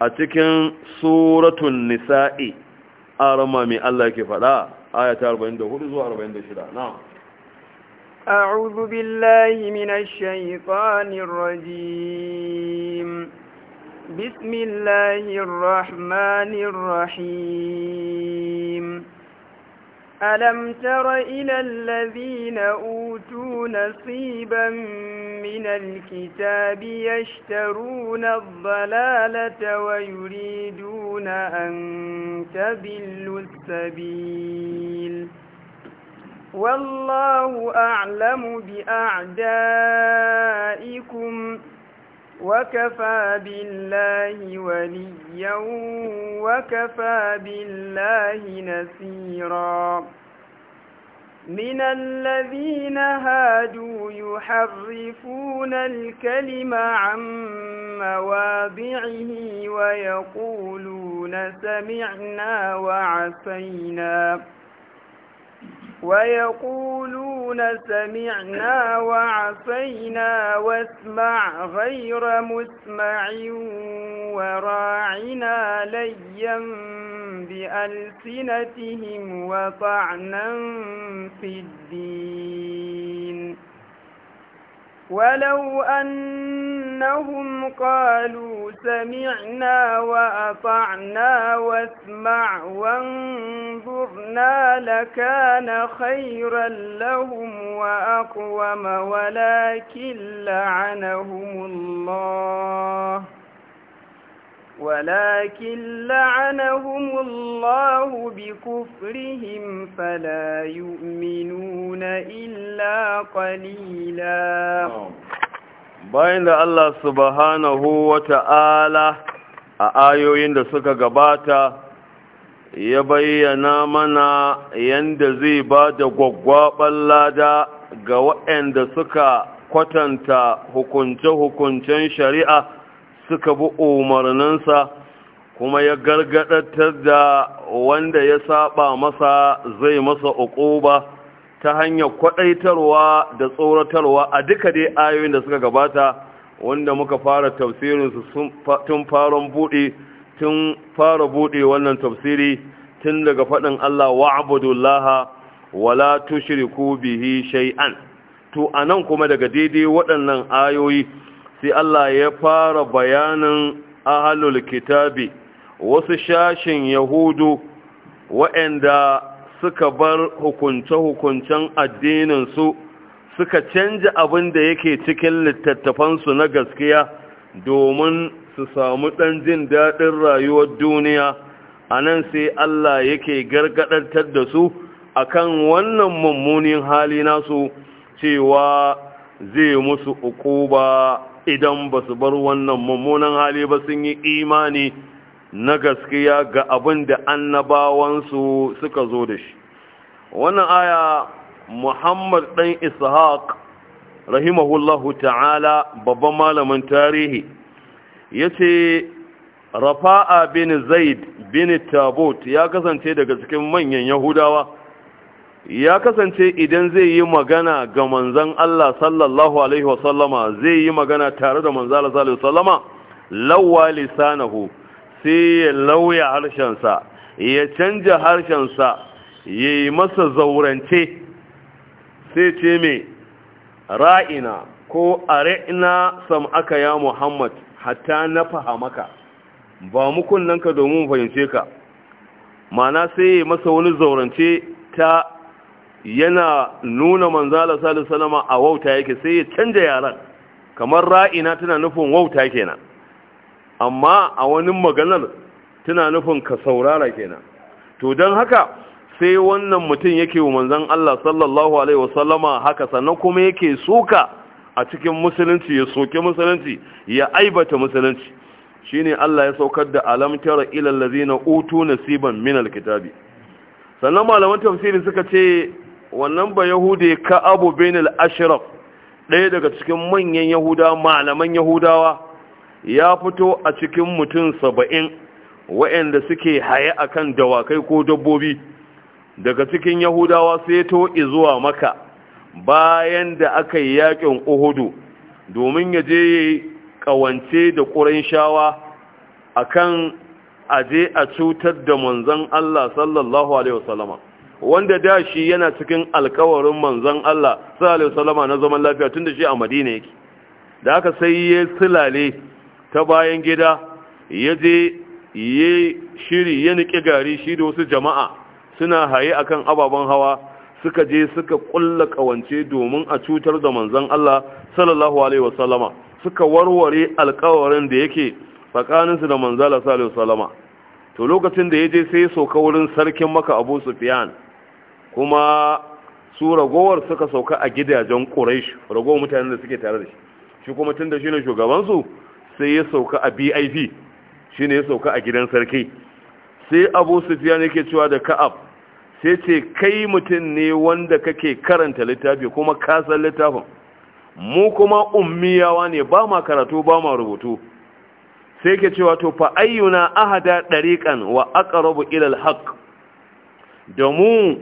a cikin suratun nisa'i a rama Allah ke faɗa ayata 44 zuwa 46 na أعوذ بالله من الشيطان الرجيم بسم الله الرحمن الرحيم ألم تر إلى الذين أوتوا نصيبا من الكتاب يشترون الضلالة ويريدون أن تبلوا السبيل والله أعلم بأعدائكم وكفى بالله وليا وكفى بالله نسيرا من الذين هادوا يحرفون الكلم عن مواضعه ويقولون سمعنا وعصينا ويقولون سمعنا وعصينا واسمع غير مسمع وراعنا ليا بألسنتهم وطعنا في الدين ولو أنهم قالوا سمعنا وأطعنا واسمع وانظرنا لكان خيرا لهم وأقوم ولكن لعنهم الله ولكن لعنهم الله بكفرهم فلا يؤمنون qalila bayan da Allah subhanahu wa ta'ala a ayoyin da suka gabata ya bayyana mana yanda zai ba da gwaggwaɓar lada ga waɗanda suka kwatanta hukunce-hukuncen shari'a suka bi umarninsa kuma ya gargadatar da wanda ya saba masa zai masa uquba ta hanyar kwadaitarwa da tsoratarwa a duka dai ayoyin da suka gabata wanda muka fara tafsirinsu tun faron buɗe tun fara buɗe wannan tafsiri tun daga faɗin Allah wa wa'budullaha wala tushriku bihi shay'an to anan kuma daga daidai waɗannan ayoyi sai Allah ya fara bayanin ahlul kitabi wasu shashin yahudu waɗanda suka bar hukunce-hukuncen addininsu suka canja abin da yake cikin littattafansu na gaskiya domin su samu ɗan jin daɗin rayuwar duniya a nan sai Allah yake gargaɗantar da su a kan wannan mummunin hali nasu cewa zai musu uku ba idan ba su bar wannan mummunan hali ba sun yi imani na gaskiya ga abin da annabawansu suka zo da shi wannan aya muhammad ɗan ishaq rahimahullahu ta'ala babban malamin tarihi ya ce rafa'a bin zaid bin tabot ya kasance daga cikin manyan yahudawa ya kasance idan zai yi magana ga manzan Allah sallallahu alaihi wasallama zai yi magana tare da manzan Allah sallallahu alaihi wasallama lawa lisanahu sai ya lauya harshensa ya canja harshensa ya yi masa zaurance sai ce mai ra'ina ko a ra'ina sam aka ya muhammad hatta na fahamaka ba ka domin fahimce ka mana sai ya yi masa wani zaurance ta yana nuna manzala salisalama a wauta yake sai ya canja yaran kamar ra'ina tana nufin wauta kenan amma a wani maganar tana nufin ka saurara kenan to don haka sai wannan mutum yake wa manzan Allah sallallahu alaihi wasallama haka sannan kuma yake soka a cikin musulunci ya soke musulunci ya aibata musulunci shine Allah ya saukar da alam tara ilal ladina utu nasiban min alkitabi sannan malaman tafsiri suka ce wannan ba yahude ka abu bainal ashraf ɗaya daga cikin manyan yahuda malaman yahudawa ya fito a cikin mutum saba'in waɗanda suke haye a kan dawakai ko dabbobi daga cikin yahudawa sai to'i zuwa maka bayan da aka yi yaƙin uhudu domin ya je ƙawance da ƙuranshawa shawa a kan aje a cutar da manzan Allah sallallahu Alaihi wasallama wanda da shi yana cikin alkawarin manzan Allah sallallahu Alaihi wasallama na zaman lafiya tun da shi a madina yake da aka sai ya silale ta bayan gida ya je ya shiri ya nike gari shi da wasu jama'a suna haye kan ababen hawa suka je suka kulla kawance domin a cutar da manzon Allah sallallahu alaihi wasallama suka warware alkawarin da yake tsakaninsu da manzala sallallahu alaihi wasallama to lokacin da ya je sai sauka wurin sarkin maka abu sufiyan kuma su ragowar suka sauka a gidajen ƙuraish ragowar mutanen da suke tare da shi shi kuma tun da shi ne shugabansu sai ya sauka a bip ne ya sauka a gidan sarki sai abu sufiyan yake cewa da ka'ab sai ce kai mutum ne wanda kake karanta littafi kuma kasar littafin mu kuma ummiyawa ne ba ma karatu ba ma rubutu sai ke cewa to fa ayyuna ahada dariqan wa aqrabu ila alhaq da mu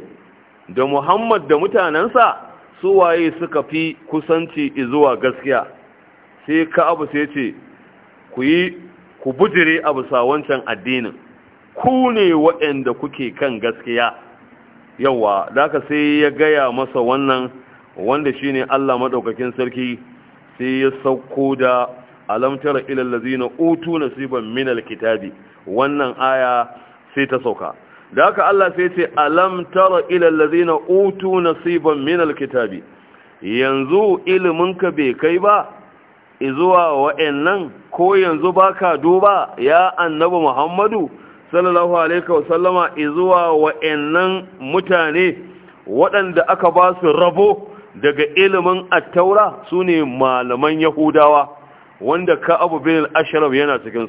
da Muhammad da mutanensa su waye suka fi kusanci zuwa gaskiya sai ka abu sai ce ku yi ku bujire a bisa wancan addinin ku ne waɗanda kuke kan gaskiya yawa da ka sai ya gaya masa wannan wanda shi ne Allah maɗaukakin sarki sai ya sauko da alamtara ilallazi na utu nasiban minal kitabi wannan aya sai ta sauka da haka Allah sai ce alamtar ilallazi na utu nasiban minal kitabi yanzu iliminka bai kai ba izuwa wa'annan ko yanzu baka duba ya annabi Muhammadu sallallahu alaihi wasallama izuwa wa'annan mutane waɗanda aka ba su rabo daga ilimin attaura sune malaman yahudawa wanda ka abu bin al-ashraf yana cikin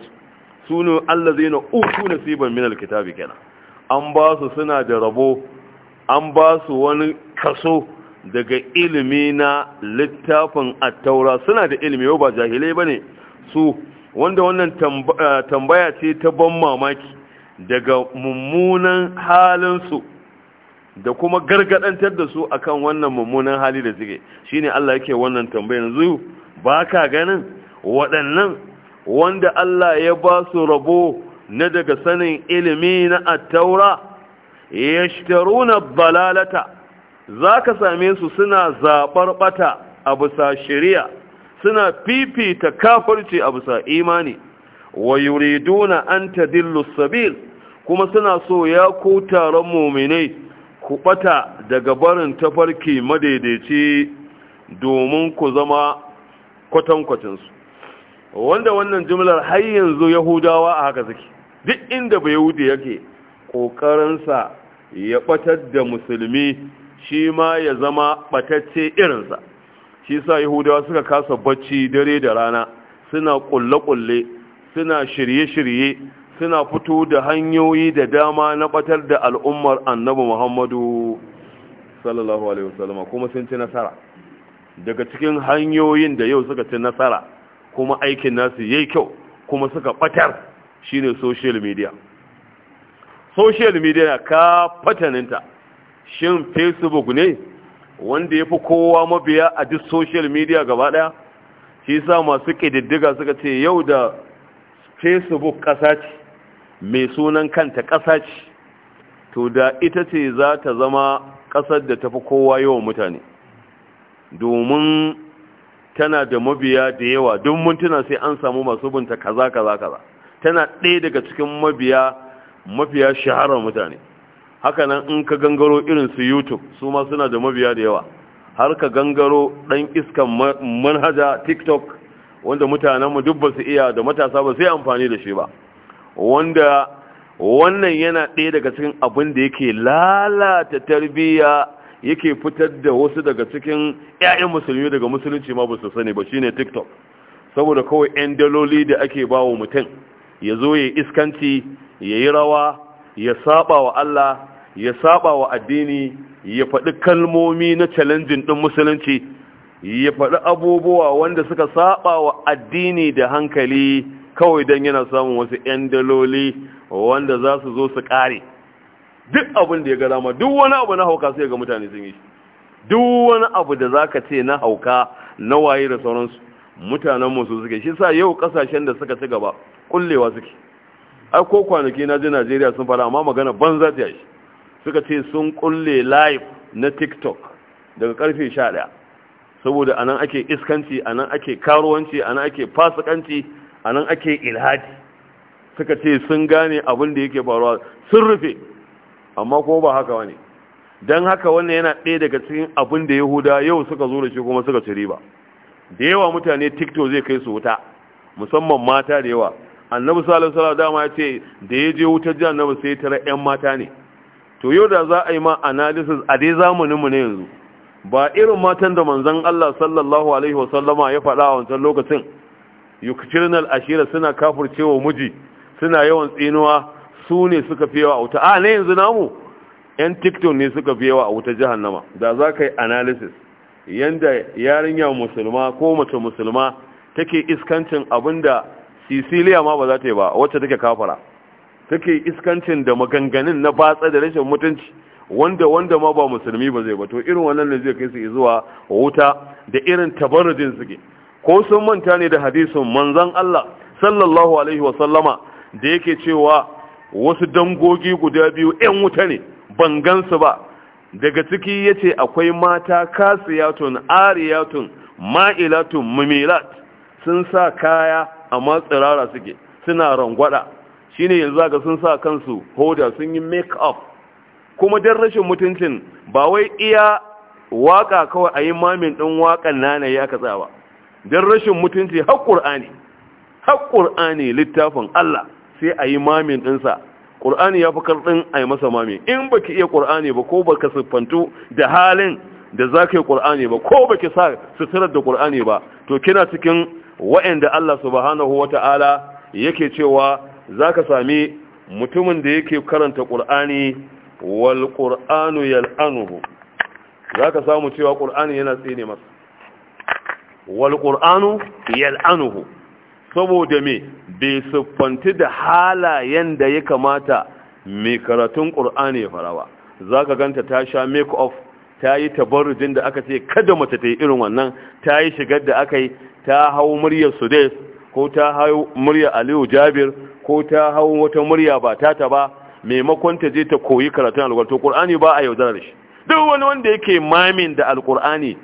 su zai allazina utu nasiban min al-kitabi kenan an ba su suna da rabo an ba su wani kaso daga ilimi na littafin attaura suna da ilimi yau ba jahilai ba ne su wanda wannan eh, tambaya ce ta ban mamaki daga mummunan halinsu da kuma gargadantar da su akan wannan mummunan hali da suke shine Allah yake wannan tambayar yanzu ba ka ganin waɗannan wanda Allah ya ba su rabo na daga sanin ilimi na attaura ya na balalata za ka same su suna zaɓar ɓata a bisa shari'a suna fifita kafarci a bisa imani wa yuriduna an ta sabil kuma suna so ya ku taron mominai ku ɓata daga barin tafarki madaidaici domin ku zama kwatankwacinsu wanda wannan jimlar har yanzu yahudawa a haka suke duk inda bai yake ƙoƙarinsa ya ɓatar da musulmi shi ma ya zama batacce irinsa shi sa yahudawa suka kasa bacci dare da rana suna kulle-kulle suna shirye-shirye suna fito da hanyoyi da dama na batar da al'ummar annabi muhammadu sallallahu alaihi wasallama kuma sun ci nasara daga cikin hanyoyin da yau suka ci nasara kuma aikin nasu yayi kyau kuma suka batar shine social media social media ka fataninta shin facebook ne wanda ya fi kowa mabiya a duk social media gaba daya shi sa masu ƙididdiga suka ce yau da facebook ƙasa ce mai sunan kanta ƙasa ce to da ita ce za ta zama ƙasar da tafi kowa yawan mutane domin tana da mabiya da yawa don mintuna sai an samu masu binta kaza kaza kaza tana ɗaya daga cikin mabiya mafiya shaharar mutane haka nan in ka gangaro irin su youtube su ma suna da mabiya da yawa har ka gangaro ɗan iskan manhaja tiktok wanda mutanenmu duk ba su iya da matasa ba yi amfani da shi ba wanda wannan yana ɗaya daga cikin abin da yake lalata tarbiyya yake fitar da wasu daga cikin 'ya'yan musulmi daga musulunci ma ba su sani ba shine tiktok saboda kawai 'yan daloli da ake ba mutum ya zo ya iskanci ya yi rawa ya saba wa Allah ya saba wa addini ya faɗi kalmomi na challenging ɗin musulunci ya faɗi abubuwa wanda suka saba wa addini da hankali kawai don yana samun wasu 'yan daloli wanda za su zo su ƙare duk abin da ya ga dama duk wani abu na hauka sai ga mutane sun yi duk wani abu da za ka ce na hauka na waye da sauransu mutanenmu su suke shi sa yau ƙasashen da suka ci gaba ƙullewa suke ai ko kwanaki na je Najeriya sun fara amma magana banza ta yi suka ce sun kulle live na TikTok daga karfe 11 saboda anan ake iskanci anan ake karuwanci anan ake fasikanci anan ake ilhadi suka ce sun gane abin da yake faruwa sun rufe amma ko ba haka wani don haka wannan yana ɗaya daga cikin abin da yahuda yau suka zo da shi kuma suka ci riba da yawa mutane tiktok zai kai su wuta musamman mata da yawa annabi sallallahu alaihi wasallam dama ya da ya je jihar annabi sai tara yan mata ne to yau da za a yi ma analysis a dai zamanin mu ne yanzu ba irin matan da manzon Allah sallallahu alaihi wasallama ya faɗa a wancan lokacin yukirnal ashira suna kafircewa miji suna yawan tsinuwa su ne suka fi yawa a wuta a ne yanzu namu yan tiktok ne suka fi yawa a wuta jahannama da za ka yi analysis yanda yarinya musulma ko mace musulma take iskancin abinda sisiliya ma ba za ta yi ba wacce take kafara take iskancin da maganganun na batsa da rashin mutunci wanda wanda ma ba musulmi ba zai ba to irin wannan ne zai kai su zuwa wuta da irin tabarrujin suke ko sun manta ne da hadisin manzon Allah sallallahu alaihi wa sallama da yake cewa wasu dangogi guda biyu 'yan wuta ne ban gansu ba daga ciki yace akwai mata kasiyatun ariyatun ma'ilatun mumilat sun sa kaya amma tsirara suke suna rangwada shine yanzu zaka sun sa kansu hoda sun yi make up kuma don rashin mutuncin ba wai iya waka kawai a yi mamin ɗin waƙan ya aka tsawa don rashin mutunci haƙƙur ani haƙƙur ani littafin Allah sai a yi mamin ɗinsa ƙur'ani ya fi karɗin a yi masa mami in ba ki iya ƙur'ani ba ko ba ka siffantu da halin da za ka yi ƙur'ani ba ko ba ki sa suturar da ƙur'ani ba to kina cikin wa'anda Allah subhanahu wata'ala yake cewa zaka sami mutumin da yake karanta Qur'ani wal Qur'anu yal'anuhu zaka samu cewa Qur'ani yana tsine masa wal Qur'anu yal'anuhu saboda me bai siffanti da halayen da ya kamata mai karatun ƙur'ani ya fara ba za ganta ta sha make-off ta yi tabarujin da aka ce kada mace ta yi irin wannan ta yi shigar da aka yi ta hau muryar sudais ko ta hau muryar aliyu jabir ko ta hau wata murya ba ta ba maimakon ta je ta koyi karatun alkur'ani qur'ani ba a yaudarar shi duk wani wanda yake mamin da alkur'ani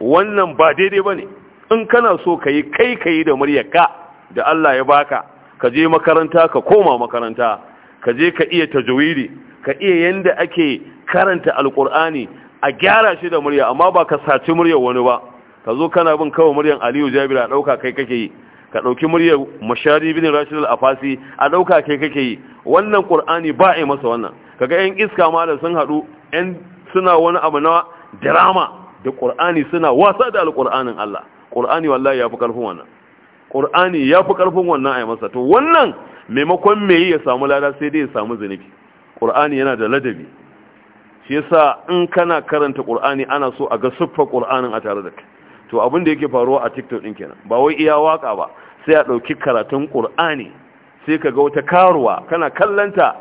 wannan ba daidai ba ne in kana so ka yi kai ka yi da muryarka da Allah ya baka ka je makaranta ka koma makaranta ka je ka iya tajwidi ka iya yanda ake karanta alkur'ani a gyara shi da murya amma ba ka saci muryar wani ba ka zo kana bin kawo muryan aliyu jabir a ɗauka kai kake yi ka ɗauki muryar mashari bin rashid al-afasi a ɗauka kai kake yi wannan qur'ani ba a masa wannan kaga yan iska da sun haɗu yan suna wani abu na drama da qur'ani suna wasa da alqur'anin Allah qur'ani wallahi yafi karfin wannan qur'ani yafi karfin wannan a yi masa to wannan maimakon me ya samu lada sai dai ya samu zunubi qur'ani yana da ladabi shi yasa in kana karanta qur'ani ana so a ga siffar qur'anin a tare da kai to abin da yake faruwa a tiktok ɗin kenan ba wai iya waka ba sai a ɗauki karatun ƙur'ani sai ka ga wata karuwa kana kallanta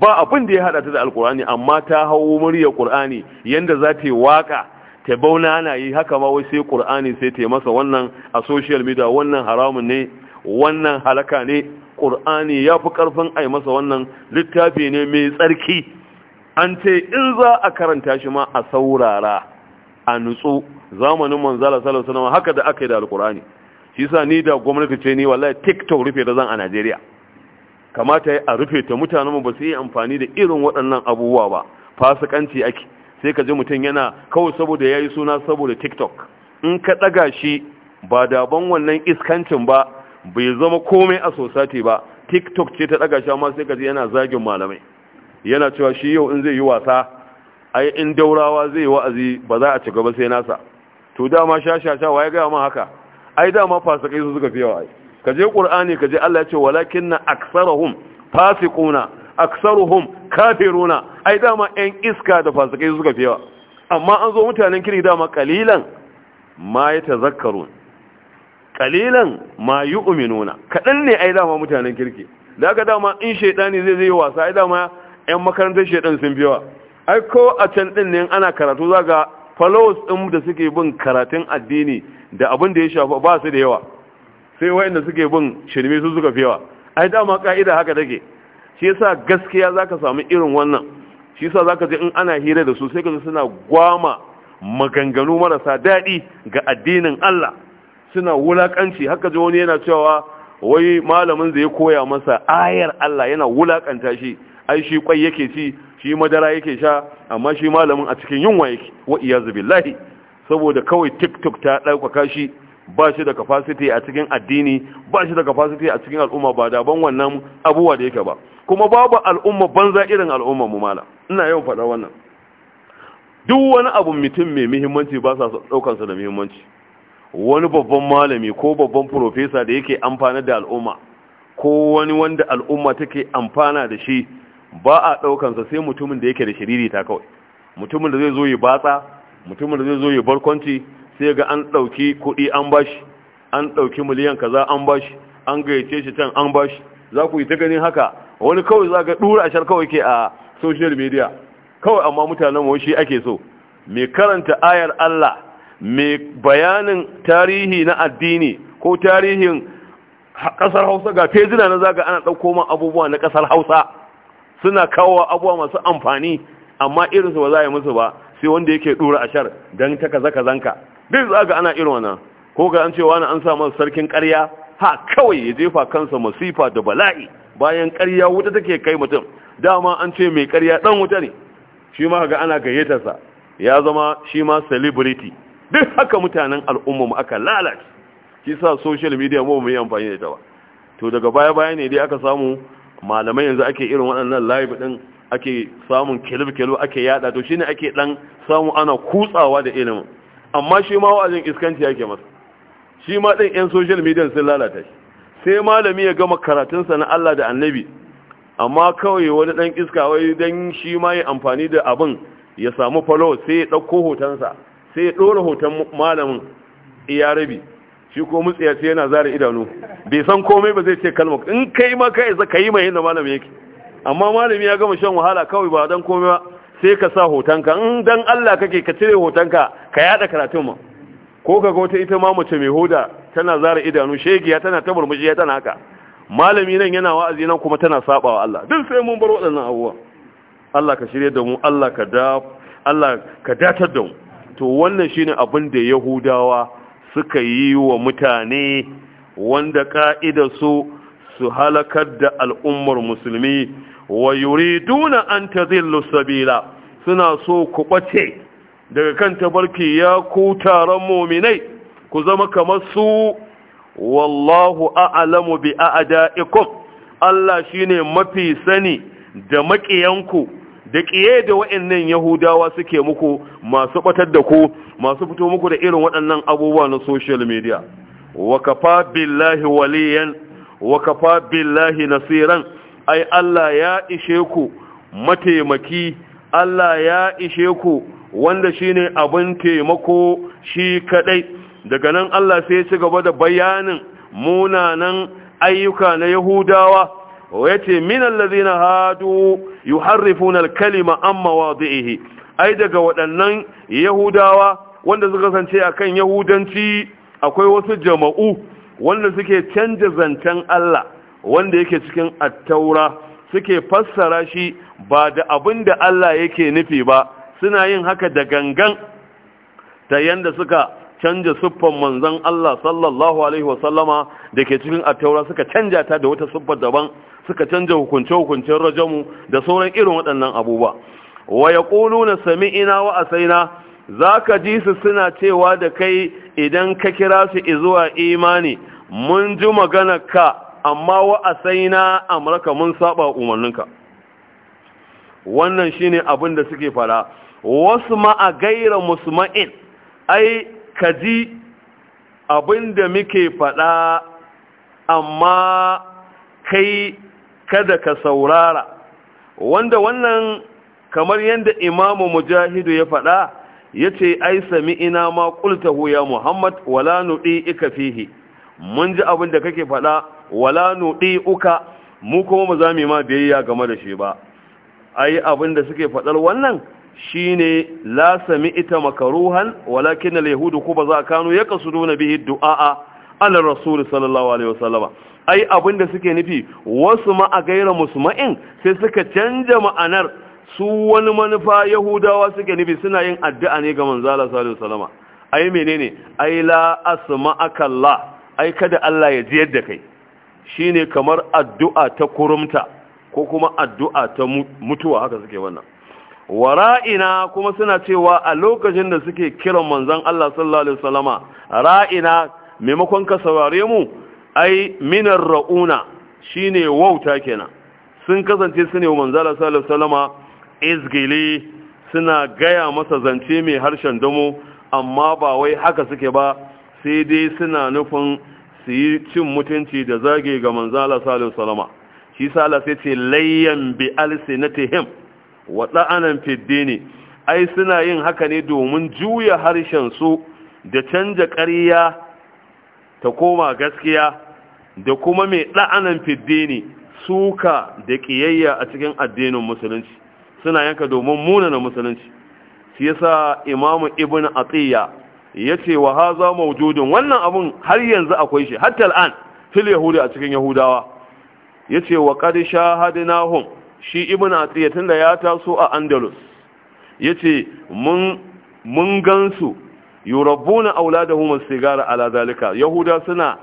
ba abin da ya haɗa ta da alƙur'ani amma ta hau murya ƙur'ani yanda za ta yi waka ta bauna ana yi haka ma wai sai ƙur'ani sai ta yi masa wannan a social media wannan haramun ne wannan halaka ne ƙur'ani ya fi ƙarfin a masa wannan littafi ne mai tsarki an ce in za a karanta shi ma a saurara a nutsu zamanin manzala sallallahu alaihi haka da aka yi da alkur'ani shi yasa ni da gwamnati ce ni wallahi tiktok rufe da zan a Najeriya kamata ya a rufe ta mutanen mu ba su yi amfani da irin waɗannan abubuwa ba fasikanci ake sai ka ji mutum yana kawai saboda yi suna saboda tiktok in ka ɗaga shi ba da ban wannan iskancin ba bai zama komai a society ba tiktok ce ta ɗaga shi amma sai ka ji yana zagin malamai yana cewa shi yau in zai yi wasa ai in daurawa zai wa'azi ba za a ci gaba sai nasa to dama shashasha waye ga ma haka ai dama fasikai su suka fi yawa ai je qur'ani je Allah ya ce walakinna aktsaruhum fasiquna aktsaruhum kafiruna ai dama ɗan iska da fasikai su suka fi yawa amma an zo mutanen kiri dama kalilan ma yatazakkarun kalilan ma yu'minuna kadan ne ai dama mutanen kirki da ga dama in shaydani zai zai wasa ai dama ƴan makarantar shaydan sun fi wa. ai ko a can din ne ana karatu zaga followers din da suke bin karatun addini da abin da ya shafa ba su da yawa sai wayanda suke bin shirme su suka fiyawa ai dama ka'ida haka take shi yasa gaskiya zaka samu irin wannan shi yasa zaka ji in ana hira da su sai ka suna gwama maganganu marasa daɗi ga addinin Allah suna wulakanci haka ji wani yana cewa wai malamin zai koya masa ayar Allah yana wulakanta shi ai shi kwai yake ci shi madara yake sha amma shi malamin a cikin yunwa yake wa iyazu billahi saboda kawai tiktok ta daukaka shi ba shi da capacity a cikin addini ba shi da capacity a cikin al'umma ba daban wannan abubuwa da yake ba kuma babu al'umma banza irin al'umma mu mala ina yau faɗa wannan duk wani abu mutum mai muhimmanci ba sa ɗaukar sa da muhimmanci wani babban malami ko babban professor da yake amfana da al'umma ko wani wanda al'umma take amfana da shi ba a ɗaukansa sai mutumin da yake da shiriri ta kawai mutumin da zai zo yi batsa mutumin da zai zo yi barkwanci sai ga an ɗauki kuɗi an bashi an ɗauki miliyan kaza an bashi an gayyace shi can an bashi za ku yi ta ganin haka wani kawai za ka ɗura shar kawai ke a social media kawai amma mutanen wani shi ake so mai karanta ayar Allah mai bayanin tarihi na addini ko tarihin ƙasar hausa ga fezina na zaga ana ɗauko man abubuwa na ƙasar hausa suna kawo abuwa masu amfani amma irinsu ba za a yi musu ba sai wanda yake dura ashar don ta kaza kazanka duk za ga ana irin wannan ko ga an ce wani an sa masa sarkin karya, ha kawai ya jefa kansa masifa da bala'i bayan ƙarya wuta take kai mutum dama an ce mai karya dan wuta ne shi ma ga ana gayyatarsa ya zama shi ma celebrity duk haka mutanen al'umma mu aka lalace shi sa social media mu mu amfani da ita ba to daga baya baya ne dai aka samu malamai yanzu ake irin waɗannan live ɗin, ake samun kilif-kilif ake yada to shine ake ɗan samu ana kutsawa da ilimi. amma shi ma wa'azin iskanci yake masa shi ma din yan social media sun lalata shi sai malami ya gama karatunsa na Allah da annabi amma kawai wani dan iska wai dan shi ma yi amfani da abin ya samu follow sai ya ɗauko hotonsa sai ya ɗora hoton malamin iyarabi shi ko mutsiya sai yana zara idanu bai san komai ba zai ce kalma in kai ma kai za ka yi mai yadda malami yake amma malami ya gama shan wahala kawai ba dan komai ba sai ka sa hotonka in dan Allah kake ka cire hotonka ka yada karatun ma ko kaga wata ita ma mace mai hoda tana zara idanu shegiya tana ta murmushi tana haka malami nan yana wa'azi nan kuma tana sabawa Allah duk sai mun bar waɗannan abubuwa Allah ka shirye da mu Allah ka da Allah ka datar da mu to wannan shine abin da Yahudawa suka yi wa mutane wanda ka'idarsu su su halakar da al'ummar musulmi wa yuriduna an tazillu sabila suna so ku ɓace daga kan tabarki ya ku taron muminai ku zama kamar su wallahu a'lamu bi a'da'ikum Allah shine mafi sani da maƙiyanku da ƙiye da waɗannan yahudawa suke muku masu batar da ku masu fito muku da irin waɗannan abubuwa na social media wa kafa billahi waliyan wa kafa billahi nasiran ai Allah ya ishe ku mataimaki Allah ya ishe ku wanda shine abin taimako shi kaɗai. daga nan Allah sai ya ci gaba da bayanin munanan ayyuka na yahudawa wa yace min allazina hadu yuharrifuna al-kalima an ai daga waɗannan yahudawa wanda suka kasance akan yahudanci akwai wasu jama'u wanda suke canja zancen Allah wanda yake cikin attaura suke fassara shi ba da abinda Allah yake nufi ba suna yin haka da gangan ta yanda suka canja sufan manzon Allah sallallahu alaihi wasallama da ke cikin attaura suka canja ta da wata sufa daban suka canja hukunce-hukuncen rajamu da sauran irin waɗannan abubuwa wa ya na sami'ina wa asaina za ka ji su suna cewa da kai idan ka kira su izuwa imani mun ji ka amma wa asaina amurka mun saba umarninka wannan shine abin da suke fara wasu ma a gaira musma'in ai ka ji abin da muke faɗa amma kai kada ka saurara wanda wannan kamar yadda imamu mujahidu ya faɗa ya ce ai sami ina ma ƙultahu ya muhammad wala nuɗi ika fihi mun ji abin da kake faɗa wala nuɗi uka mu kuma mu zami ma biyayya game da shi ba ai abin da suke faɗar wannan shine la sami ita makaruhan walakin al-yahudu ba za kanu nuna bihi du'a ala rasul sallallahu alaihi wasallama ai abin da suke nufi wasu ma a gaira musma'in sai suka canja ma'anar su wani manufa yahudawa suke nufi suna yin addu'a ne ga manzala salihu salama ai menene ai la asma akalla ai kada Allah ya ji yadda kai shine kamar addu'a ta kurumta ko kuma addu'a ta mutuwa haka suke wannan wara'ina kuma suna cewa a lokacin da suke kiran manzon Allah sallallahu alaihi wasallama ra'ina maimakon ka saurare mu ai minar ra'una shi shine wauta kenan sun kasance su ne manzala salama izgili suna gaya masa zance mai harshen damo amma ba wai haka suke ba sai dai suna nufin su yi cin mutunci da zage ga manzala salama shi sala sai ce layyan bi alsinatihim wa da'anan fiddini ai suna yin haka ne domin juya harshen su da canja karya ta koma gaskiya da kuma mai ɗa'anan fiddini suka da ƙiyayya a cikin addinin musulunci suna yanka domin munana musulunci shi yasa imamu ibn atiya ya ce wa haza mawjudun wannan abun har yanzu akwai shi hatta al'an fil yahudi a cikin yahudawa ya ce wa qad shahadnahum shi ibn atiya tunda ya taso a andalus ya ce mun mun gansu yurabbuna auladahum sigara ala zalika yahuda suna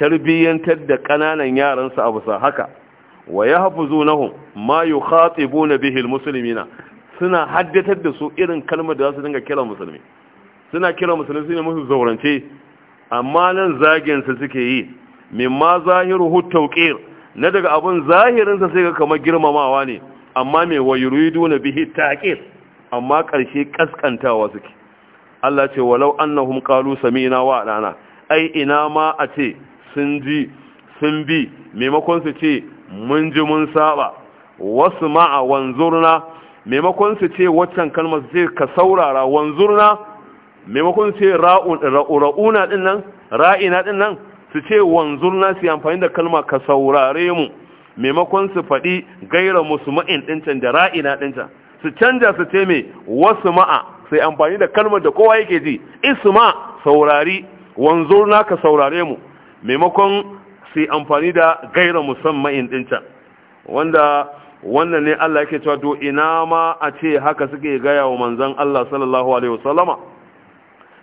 tarbiyyantar da ƙananan yaransu a bisa haka wa ya hafizu nahum ma yukhatibuna bihi almuslimina suna haddatar da su irin kalmar da za su dinga kira musulmi suna kira musulmi su ne musu zaurance amma nan zaginsa suke yi mimma zahiruhu tawqir na daga abun zahirinsa sai ga kamar girmamawa ne amma me na bihi taqir amma karshe kaskantawa suke Allah ce walau annahum qalu sami'na wa adana ai ina ma a ce sun ji sun bi maimakon su ce mun ji mun saba wasu ma'a wanzurna maimakon su ce waccan kalmar su ce ka saurara wanzurna maimakon su ce ra'una din nan ra'ina din nan su ce wanzurna su yi amfani da kalma ka saurare mu maimakon su faɗi gaira musma'in ɗincan da ra'ina ɗincan su canja su ce mai wasu ma'a sai amfani da kalmar da kowa yake ji isma saurari wanzurna ka saurare mu maimakon suyi amfani da gaira musamman ɗin can wanda wannan ne Allah yake cewa to ina ma a ce haka suke gaya wa manzon Allah sallallahu alaihi wasallama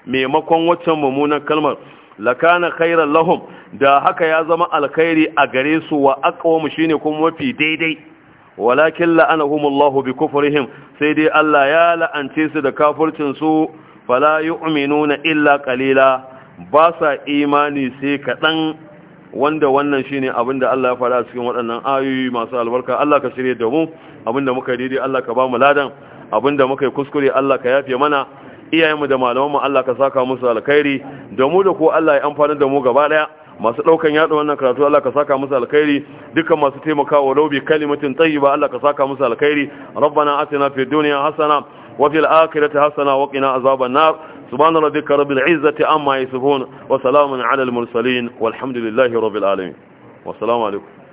maimakon waccan mummunan kalmar lakana khairan lahum da haka ya zama alkhairi a gare su wa aqwamu shine kuma mafi daidai walakin la'anahumullahu bi kufrihim sai dai Allah ya la'ance su da kafircin su fala yu'minuna illa qalila ba sa imani sai kaɗan wanda wannan shine abin da Allah ya fara cikin waɗannan ayoyi masu albarka Allah ka shirye da mu abin da muka daidai Allah ka ba mu ladan abin da muka yi kuskure Allah ka yafe mana iyayenmu da malamanmu Allah ka saka musu alkhairi da mu da ko Allah ya amfani da mu gaba ɗaya, masu daukan yadda wannan karatu Allah ka saka musu alkhairi dukkan masu taimakawa laubi kalimatin tayyiba Allah ka saka musu alkhairi rabbana atina fid dunya hasana وفي الآخرة حسنة وقنا عذاب النار سبحان ربك رب العزة أما يصفون وسلام على المرسلين والحمد لله رب العالمين والسلام عليكم